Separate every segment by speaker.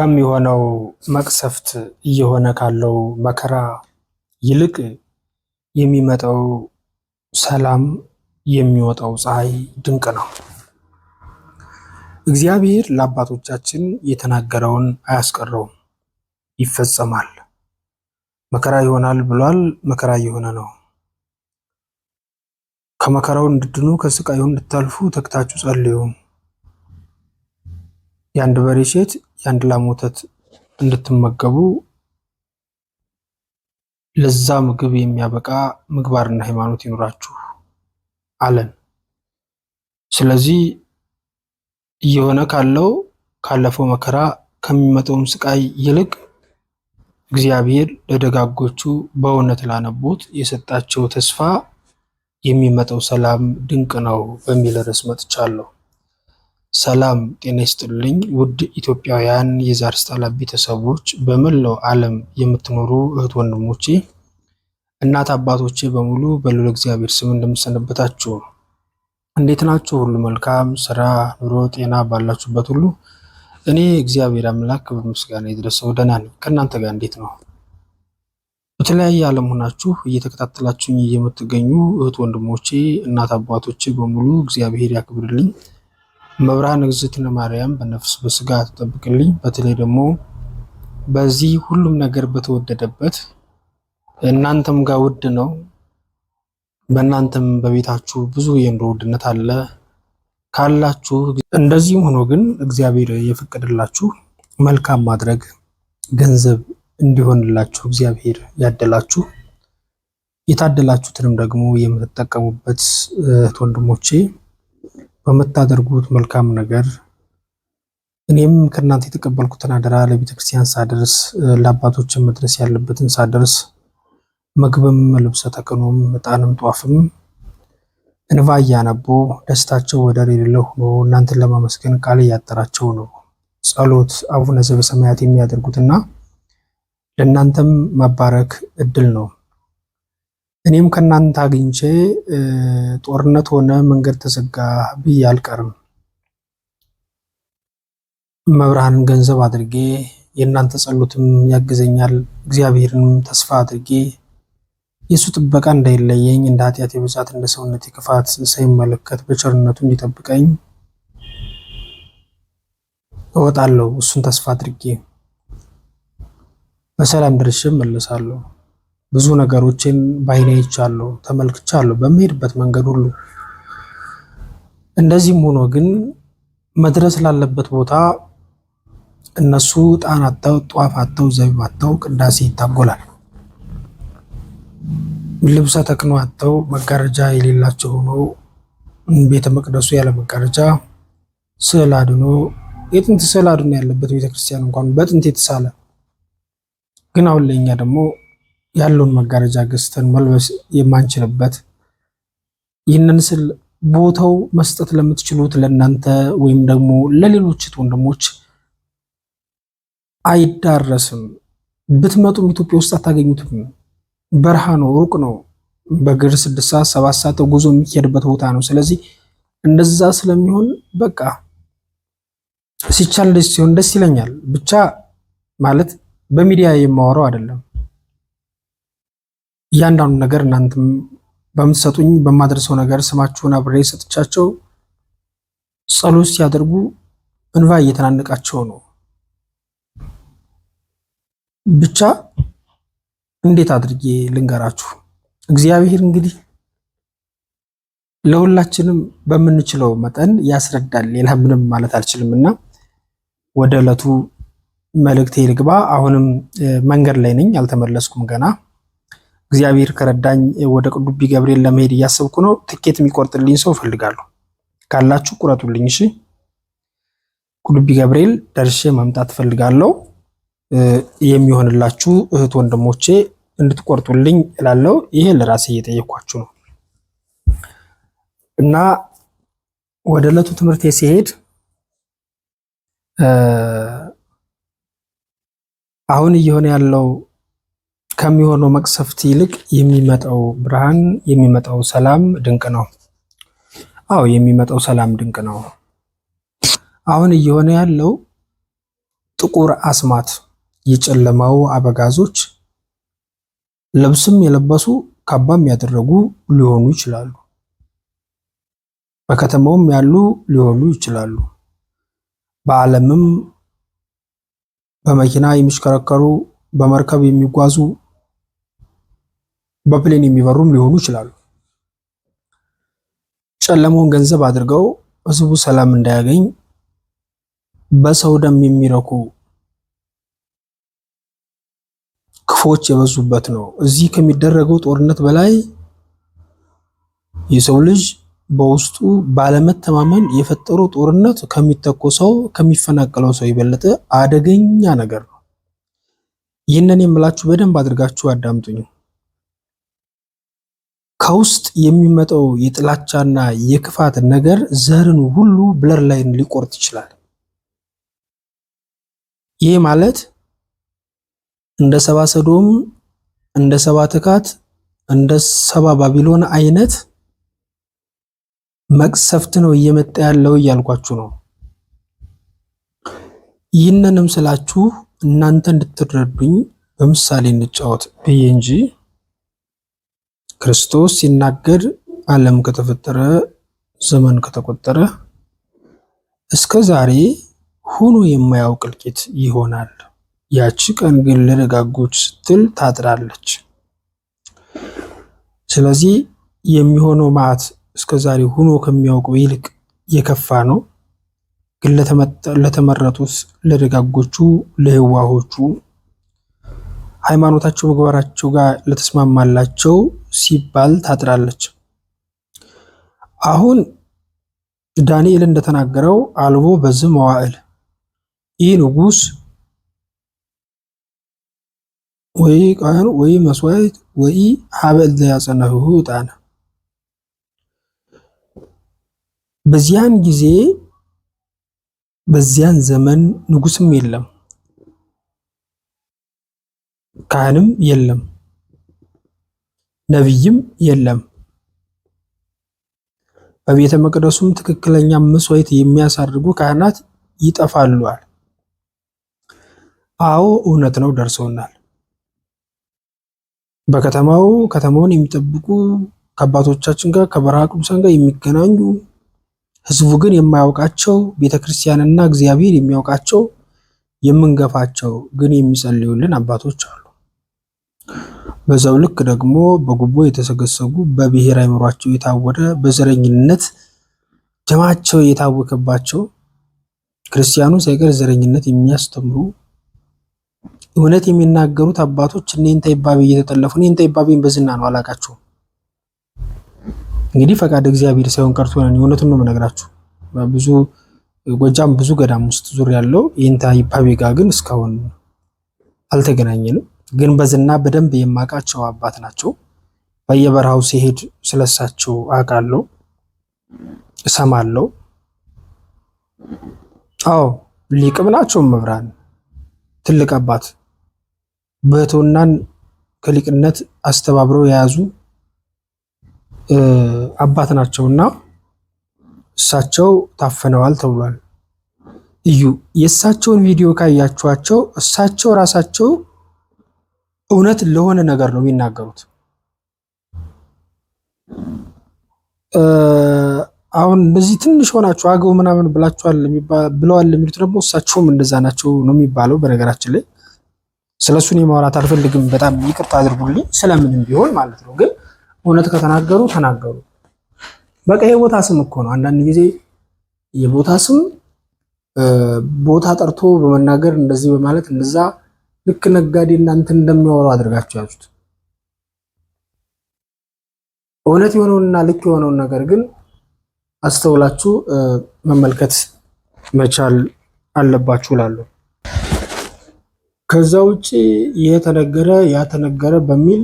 Speaker 1: ከሚሆነው መቅሰፍት እየሆነ ካለው መከራ ይልቅ የሚመጣው ሰላም የሚወጣው ፀሐይ ድንቅ ነው። እግዚአብሔር ለአባቶቻችን የተናገረውን አያስቀረውም፣ ይፈጸማል። መከራ ይሆናል ብሏል። መከራ እየሆነ ነው። ከመከራው እንድድኑ ከስቃዩ እንድታልፉ ተግታችሁ ጸልዩ። የአንድ በሬ ሴት የአንድ ላም ወተት እንድትመገቡ ለዛ ምግብ የሚያበቃ ምግባርና ሃይማኖት ይኑራችሁ አለን። ስለዚህ እየሆነ ካለው ካለፈው መከራ ከሚመጣውም ስቃይ ይልቅ እግዚአብሔር ለደጋጎቹ በእውነት ላነቡት የሰጣቸው ተስፋ የሚመጣው ሰላም ድንቅ ነው በሚል ርዕስ መጥቻለሁ። ሰላም ጤና ይስጥልኝ ውድ ኢትዮጵያውያን የዛሪስ ታላብ ቤተሰቦች፣ በመላው ዓለም የምትኖሩ እህት ወንድሞቼ፣ እናት አባቶቼ በሙሉ በልዑል እግዚአብሔር ስም እንደምሰነበታችሁ እንዴት ናችሁ? ሁሉ መልካም ስራ፣ ኑሮ፣ ጤና ባላችሁበት ሁሉ እኔ እግዚአብሔር አምላክ ክብር ምስጋና የደረሰው ደህና ነኝ። ከእናንተ ጋር እንዴት ነው? በተለያየ ዓለም ሆናችሁ እየተከታተላችሁኝ የምትገኙ እህት ወንድሞቼ፣ እናት አባቶቼ በሙሉ እግዚአብሔር ያክብርልኝ። መብርሃን እግዝእትነ ማርያም በነፍስ በስጋ ትጠብቅልኝ። በተለይ ደግሞ በዚህ ሁሉም ነገር በተወደደበት እናንተም ጋር ውድ ነው። በእናንተም በቤታችሁ ብዙ የኑሮ ውድነት አለ ካላችሁ እንደዚህም ሆኖ ግን እግዚአብሔር የፈቀደላችሁ መልካም ማድረግ ገንዘብ እንዲሆንላችሁ እግዚአብሔር ያደላችሁ የታደላችሁትንም ደግሞ የምትጠቀሙበት እህት ወንድሞቼ በምታደርጉት መልካም ነገር እኔም ከእናንተ የተቀበልኩትን አደራ ለቤተ ክርስቲያን ሳደርስ ለአባቶችን መድረስ ያለበትን ሳደርስ ምግብም ልብሰ ተክኖም ዕጣንም ጧፍም እንባ እያነቦ ደስታቸው ወደር የሌለ ሆኖ እናንተን ለማመስገን ቃል እያጠራቸው ነው። ጸሎት አቡነ ዘበሰማያት የሚያደርጉትና ለእናንተም መባረክ እድል ነው። እኔም ከእናንተ አግኝቼ ጦርነት ሆነ መንገድ ተዘጋ ብዬ አልቀርም። መብርሃንን ገንዘብ አድርጌ የእናንተ ጸሎትም ያግዘኛል። እግዚአብሔርንም ተስፋ አድርጌ የእሱ ጥበቃ እንዳይለየኝ እንደ ኃጢአት የብዛት እንደ ሰውነት የክፋት ሳይመለከት በቸርነቱ እንዲጠብቀኝ እወጣለሁ። እሱን ተስፋ አድርጌ በሰላም ደርሼ መለሳለሁ። ብዙ ነገሮችን ባይኔ አይቻለሁ፣ ተመልክቻለሁ በምሄድበት መንገድ ሁሉ። እንደዚህም ሆኖ ግን መድረስ ላለበት ቦታ እነሱ ዕጣን አጥተው ጧፍ አጥተው ዘቢብ አጥተው ቅዳሴ ይታጎላል። ልብሰ ተክኖ አጥተው መጋረጃ የሌላቸው ሆኖ ቤተ መቅደሱ ያለ መጋረጃ ስዕል አድኖ የጥንት ስዕል አድኖ ያለበት ቤተክርስቲያን እንኳን በጥንት የተሳለ ግን አሁን ለኛ ደግሞ ያለውን መጋረጃ ገዝተን መልበስ የማንችልበት ይህንን ስል ቦታው መስጠት ለምትችሉት ለእናንተ ወይም ደግሞ ለሌሎች ወንድሞች አይዳረስም። ብትመጡም ኢትዮጵያ ውስጥ አታገኙትም። በረሃ ነው፣ ሩቅ ነው። በእግር ስድስት ሰዓት ሰባት ሰዓት ተጉዞ የሚሄድበት ቦታ ነው። ስለዚህ እንደዛ ስለሚሆን በቃ ሲቻል ደስ ሲሆን ደስ ይለኛል። ብቻ ማለት በሚዲያ የማወራው አይደለም እያንዳንዱ ነገር እናንተም በምትሰጡኝ በማደርሰው ነገር ስማችሁን አብሬ ሰጥቻቸው ጸሎት ሲያደርጉ እንባ እየተናነቃቸው ነው። ብቻ እንዴት አድርጌ ልንገራችሁ? እግዚአብሔር እንግዲህ ለሁላችንም በምንችለው መጠን ያስረዳል። ሌላ ምንም ማለት አልችልም እና ወደ ዕለቱ መልእክቴ ልግባ። አሁንም መንገድ ላይ ነኝ፣ አልተመለስኩም ገና እግዚአብሔር ከረዳኝ ወደ ቅዱቢ ገብርኤል ለመሄድ እያሰብኩ ነው። ትኬት የሚቆርጥልኝ ሰው እፈልጋለሁ። ካላችሁ ቁረጡልኝ። እሺ፣ ቅዱቢ ገብርኤል ደርሼ መምጣት እፈልጋለሁ። የሚሆንላችሁ እህት ወንድሞቼ እንድትቆርጡልኝ እላለሁ። ይሄ ለራሴ እየጠየኳችሁ ነው እና ወደ ዕለቱ ትምህርቴ ሲሄድ አሁን እየሆነ ያለው ከሚሆነው መቅሰፍት ይልቅ የሚመጣው ብርሃን የሚመጣው ሰላም ድንቅ ነው። አዎ የሚመጣው ሰላም ድንቅ ነው። አሁን እየሆነ ያለው ጥቁር አስማት የጨለማው አበጋዞች ልብስም የለበሱ ካባም ያደረጉ ሊሆኑ ይችላሉ። በከተማውም ያሉ ሊሆኑ ይችላሉ። በዓለምም በመኪና የሚሽከረከሩ በመርከብ የሚጓዙ በፕሌን የሚበሩም ሊሆኑ ይችላሉ። ጨለማውን ገንዘብ አድርገው ህዝቡ ሰላም እንዳያገኝ በሰው ደም የሚረኩ ክፎች የበዙበት ነው። እዚህ ከሚደረገው ጦርነት በላይ የሰው ልጅ በውስጡ ባለመተማመን የፈጠረው ጦርነት ከሚተኮሰው ከሚፈናቀለው ሰው የበለጠ አደገኛ ነገር ነው። ይህንን የምላችሁ በደንብ አድርጋችሁ አዳምጡኝ። ከውስጥ የሚመጣው የጥላቻና የክፋት ነገር ዘርን ሁሉ ብለር ላይን ሊቆርጥ ይችላል። ይህ ማለት እንደ ሰባ ሰዶም፣ እንደ ሰባ ትካት፣ እንደ ሰባ ባቢሎን አይነት መቅሰፍት ነው እየመጣ ያለው እያልኳችሁ ነው። ይህንንም ስላችሁ እናንተ እንድትረዱኝ በምሳሌ እንጫወት ብዬ እንጂ ክርስቶስ ሲናገር ዓለም ከተፈጠረ ዘመን ከተቆጠረ እስከ ዛሬ ሆኖ የማያውቅ እልቂት ይሆናል። ያቺ ቀን ግን ለደጋጎች ስትል ታጥራለች። ስለዚህ የሚሆነው መዓት እስከ ዛሬ ሆኖ ከሚያውቀው ይልቅ የከፋ ነው። ግን ለተመረጡት ለደጋጎቹ ለህዋሆቹ ሃይማኖታቸው ምግባራቸው ጋር ለተስማማላቸው ሲባል ታጥራለች። አሁን ዳንኤል እንደተናገረው አልቦ በዝ መዋዕል ይህ ንጉስ ወይ ቃኑ ወይ መስዋዕት ወይ ሀበል ያጸናሁ ጣነ በዚያን ጊዜ በዚያን ዘመን ንጉስም የለም። ካህንም የለም፣ ነቢይም የለም። በቤተ መቅደሱም ትክክለኛ መስዋዕት የሚያሳርጉ ካህናት ይጠፋሉ። አዎ እውነት ነው፣ ደርሰውናል። በከተማው ከተማውን የሚጠብቁ ከአባቶቻችን ጋር ከበረሃ ቅዱሳን ጋር የሚገናኙ ህዝቡ ግን የማያውቃቸው ቤተክርስቲያንና እግዚአብሔር የሚያውቃቸው የምንገፋቸው ግን የሚጸልዩልን አባቶች አሉ። በዛው ልክ ደግሞ በጉቦ የተሰገሰጉ በብሔር አይምሯቸው የታወረ በዘረኝነት ደማቸው የታወከባቸው ክርስቲያኑ ሳይቀር ዘረኝነት የሚያስተምሩ እውነት የሚናገሩት አባቶች እኔን ጠይባቤ እየተጠለፉ እኔን ጠይባቤን በዝና ነው አላቃቸው። እንግዲህ ፈቃድ እግዚአብሔር ሳይሆን ቀርቶ ነን። እውነቱን ነው የምነግራችሁ። ብዙ ጎጃም ብዙ ገዳም ውስጥ ዙር ያለው ይህን ጠይባቤ ጋር ግን እስካሁን አልተገናኘንም። ግን በዝና በደንብ የማውቃቸው አባት ናቸው። በየበረሃው ሲሄድ ስለሳቸው አውቃለሁ፣ እሰማለሁ። አዎ ሊቅም ናቸው መብራን ትልቅ አባት በህትውናን ከሊቅነት አስተባብረው የያዙ አባት ናቸው እና እሳቸው ታፍነዋል ተብሏል። እዩ የእሳቸውን ቪዲዮ ካያችኋቸው እሳቸው ራሳቸው እውነት ለሆነ ነገር ነው የሚናገሩት። አሁን እንደዚህ ትንሽ ሆናችሁ አገው ምናምን ብላችኋል ብለዋል የሚሉት ደግሞ እሳቸውም እንደዛ ናቸው ነው የሚባለው። በነገራችን ላይ ስለ እሱን የማውራት አልፈልግም፣ በጣም ይቅርታ አድርጉልኝ። ስለምንም ቢሆን ማለት ነው። ግን እውነት ከተናገሩ ተናገሩ። በቃ የቦታ ስም እኮ ነው። አንዳንድ ጊዜ የቦታ ስም ቦታ ጠርቶ በመናገር እንደዚህ በማለት እንደዛ ልክ ነጋዴ እናንተ እንደሚያወራው አድርጋችሁ ያዙት። እውነት የሆነውንና ልክ የሆነውን ነገር ግን አስተውላችሁ መመልከት መቻል አለባችሁ እላለሁ። ከዛ ውጭ የተነገረ ተነገረ ያ ተነገረ በሚል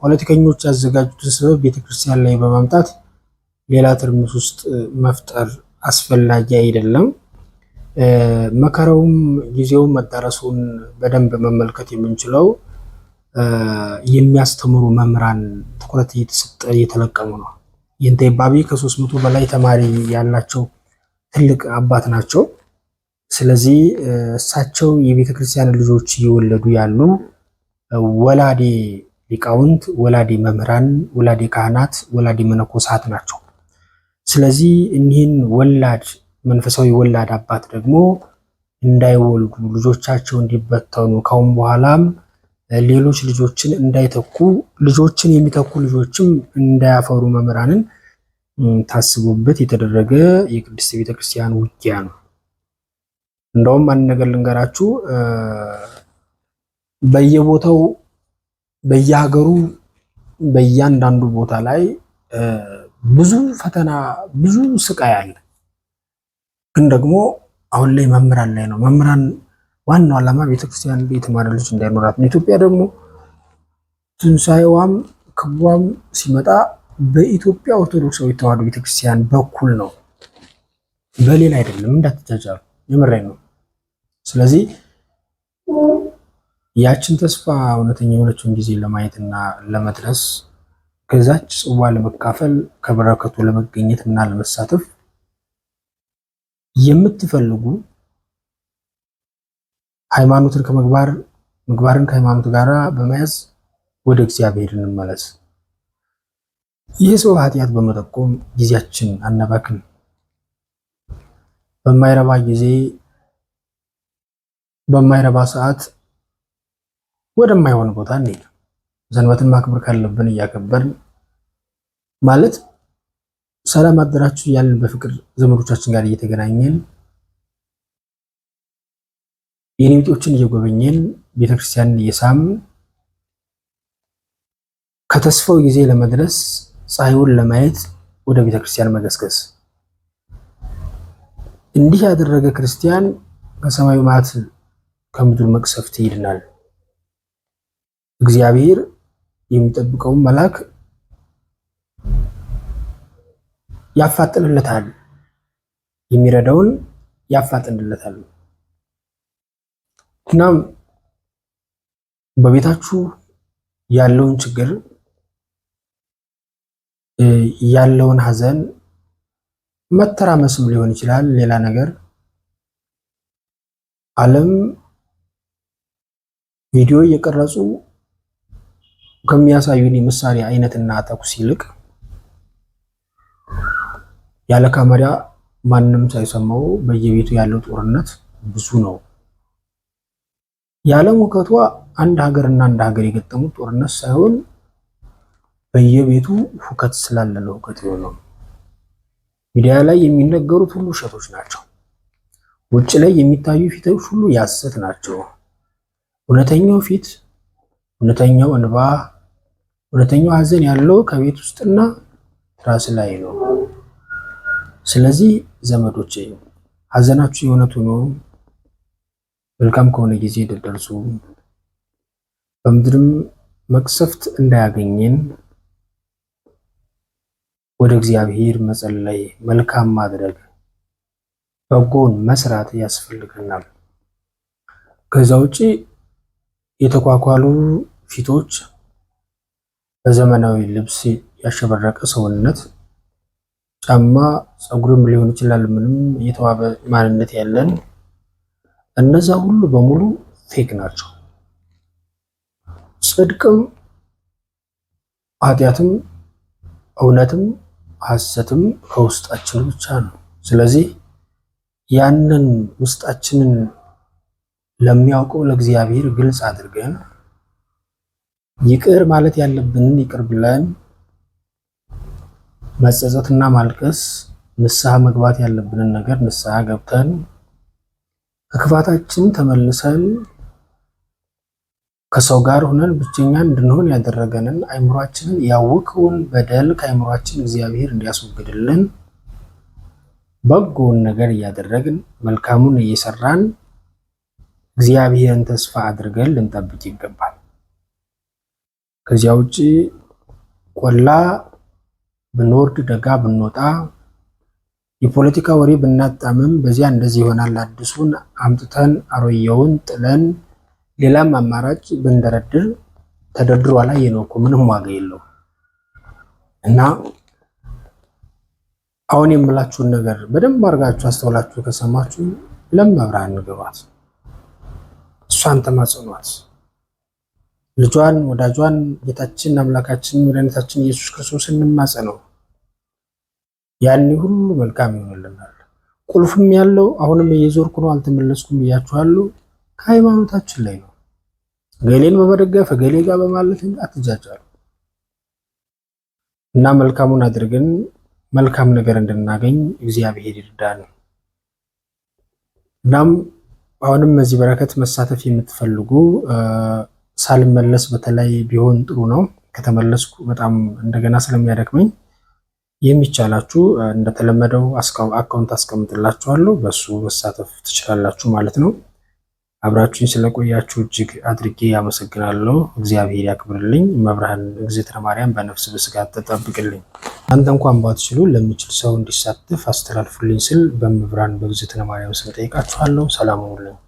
Speaker 1: ፖለቲከኞች ያዘጋጁትን ስበብ ቤተክርስቲያን ላይ በማምጣት ሌላ ትርምስ ውስጥ መፍጠር አስፈላጊ አይደለም። መከራውም ጊዜውም መዳረሱን በደንብ መመልከት የምንችለው የሚያስተምሩ መምህራን ትኩረት እየተሰጠ እየተለቀሙ ነው። ይህንተ ባቢ ከሶስት መቶ በላይ ተማሪ ያላቸው ትልቅ አባት ናቸው። ስለዚህ እሳቸው የቤተ ክርስቲያን ልጆች እየወለዱ ያሉ ወላዴ ሊቃውንት፣ ወላዴ መምህራን፣ ወላዴ ካህናት፣ ወላዴ መነኮሳት ናቸው። ስለዚህ እኒህን ወላድ መንፈሳዊ ወላድ አባት ደግሞ እንዳይወልዱ ልጆቻቸው እንዲበተኑ ካሁን በኋላም ሌሎች ልጆችን እንዳይተኩ ልጆችን የሚተኩ ልጆችም እንዳያፈሩ መምህራንን ታስቦበት የተደረገ የቅድስት ቤተክርስቲያን ውጊያ ነው። እንደውም አንድ ነገር ልንገራችሁ። በየቦታው በየሀገሩ በእያንዳንዱ ቦታ ላይ ብዙ ፈተና ብዙ ስቃይ አለ። ግን ደግሞ አሁን ላይ መምህራን ላይ ነው። መምህራን ዋናው ዓላማ ቤተክርስቲያን የተማረ ልጅ እንዳይኖራት ነው። ኢትዮጵያ ደግሞ ትንሣኤዋም ክቧም ሲመጣ በኢትዮጵያ ኦርቶዶክሳዊ ተዋሕዶ ቤተክርስቲያን በኩል ነው፣ በሌላ አይደለም። እንዳትጃጃሉ፣ የምሬን ነው። ስለዚህ ያችን ተስፋ እውነተኛ የሆነችውን ጊዜ ለማየትና ለመድረስ ከዛች ጽዋ ለመካፈል ከበረከቱ ለመገኘት እና ለመሳተፍ የምትፈልጉ ሃይማኖትን ከምግባር ምግባርን ከሃይማኖት ጋር በመያዝ ወደ እግዚአብሔር እንመለስ። ይህ ሰው ኃጢአት በመጠቆም ጊዜያችን አነባክን። በማይረባ ጊዜ በማይረባ ሰዓት ወደማይሆን ቦታ እንሄድ። ሰንበትን ማክበር ካለብን እያከበርን ማለት ሰላም አደራችሁ እያለን በፍቅር ዘመዶቻችን ጋር እየተገናኘን የኔምጤዎችን እየጎበኘን ቤተክርስቲያንን እየሳም ከተስፋው ጊዜ ለመድረስ ፀሐዩን ለማየት ወደ ቤተክርስቲያን መገስገስ። እንዲህ ያደረገ ክርስቲያን ከሰማዩ ማት ከምድር መቅሰፍት ይድናል። እግዚአብሔር የሚጠብቀውን መልአክ ያፋጥንለታል፣ የሚረዳውን ያፋጥንለታል። እናም በቤታችሁ ያለውን ችግር ያለውን ሐዘን መተራመስም ሊሆን ይችላል፣ ሌላ ነገር ዓለም ቪዲዮ እየቀረጹ ከሚያሳዩን የምሳሌ አይነትና ተኩስ ይልቅ ያለ ካሜራ ማንም ሳይሰማው በየቤቱ ያለው ጦርነት ብዙ ነው። የዓለም ሁከቷ አንድ ሀገር እና አንድ ሀገር የገጠሙት ጦርነት ሳይሆን በየቤቱ ሁከት ስላለ ነው ሁከት የሆነው። ሚዲያ ላይ የሚነገሩት ሁሉ ውሸቶች ናቸው። ውጭ ላይ የሚታዩ ፊቶች ሁሉ ያሰት ናቸው። እውነተኛው ፊት፣ እውነተኛው እንባ፣ እውነተኛው ሀዘን ያለው ከቤት ውስጥና ትራስ ላይ ነው። ስለዚህ ዘመዶች ሐዘናችሁ የእውነት ሆኖ መልካም ከሆነ ጊዜ ደርሱ። በምድርም መቅሰፍት እንዳያገኘን ወደ እግዚአብሔር መጸለይ፣ መልካም ማድረግ፣ በጎን መስራት ያስፈልገናል። ከዛ ውጭ የተኳኳሉ ፊቶች፣ በዘመናዊ ልብስ ያሸበረቀ ሰውነት ጫማ ጸጉርም ሊሆን ይችላል። ምንም የተዋበ ማንነት ያለን እነዛ ሁሉ በሙሉ ፌክ ናቸው። ጽድቅም ኃጢአትም እውነትም ሐሰትም ከውስጣችን ብቻ ነው። ስለዚህ ያንን ውስጣችንን ለሚያውቀው ለእግዚአብሔር ግልጽ አድርገን ይቅር ማለት ያለብንን ይቅር ብለን መጸጸትና ማልቀስ ንስሐ መግባት ያለብንን ነገር ንስሐ ገብተን ከክፋታችን ተመልሰን ከሰው ጋር ሆነን ብቸኛ እንድንሆን ያደረገንን አይምሯችንን ያወከውን በደል ከአይምሯችን እግዚአብሔር እንዲያስወግድልን በጎውን ነገር እያደረግን መልካሙን እየሰራን እግዚአብሔርን ተስፋ አድርገን ልንጠብቅ ይገባል። ከዚያ ውጭ ቆላ ብንወርድ ደጋ ብንወጣ የፖለቲካ ወሬ ብናጣምም በዚያ እንደዚህ ይሆናል። አዲሱን አምጥተን አሮየውን ጥለን ሌላም አማራጭ ብንደረድር ተደርድሮ ላይ የነኩ ምንም ዋጋ የለው እና አሁን የምላችሁን ነገር በደንብ አድርጋችሁ አስተውላችሁ ከሰማችሁ ለእመብርሃን ንገሯት፣ እሷን ተማጽኗት። ልጇን ወዳጇን ጌታችን አምላካችን መድኃኒታችን ኢየሱስ ክርስቶስ ነው። ያኔ ሁሉ መልካም ይሆንልናል። ቁልፉም ያለው አሁንም እየዞርኩ ነው አልተመለስኩም ብያችኋለሁ፣ ከሃይማኖታችን ላይ ነው። ገሌን በመደገፍ ገሌ ጋር በማለት አትጃጃሉ እና መልካሙን አድርገን መልካም ነገር እንድናገኝ እግዚአብሔር ይርዳን። እናም አሁንም በዚህ በረከት መሳተፍ የምትፈልጉ ሳልመለስ በተለይ ቢሆን ጥሩ ነው። ከተመለስኩ በጣም እንደገና ስለሚያደክመኝ የሚቻላችሁ እንደተለመደው አካውንት አስቀምጥላችኋለሁ በሱ መሳተፍ ትችላላችሁ ማለት ነው። አብራችሁኝ ስለቆያችሁ እጅግ አድርጌ ያመሰግናለሁ። እግዚአብሔር ያክብርልኝ። መብርሃን እግዝእትነ ማርያም በነፍስ በስጋት ተጠብቅልኝ። አንተ እንኳን ባትችሉ ለሚችል ሰው እንዲሳተፍ አስተላልፉልኝ ስል በመብርሃን በእግዝእትነ ማርያም ስም ጠይቃችኋለሁ። ሰላም ሁኑልኝ።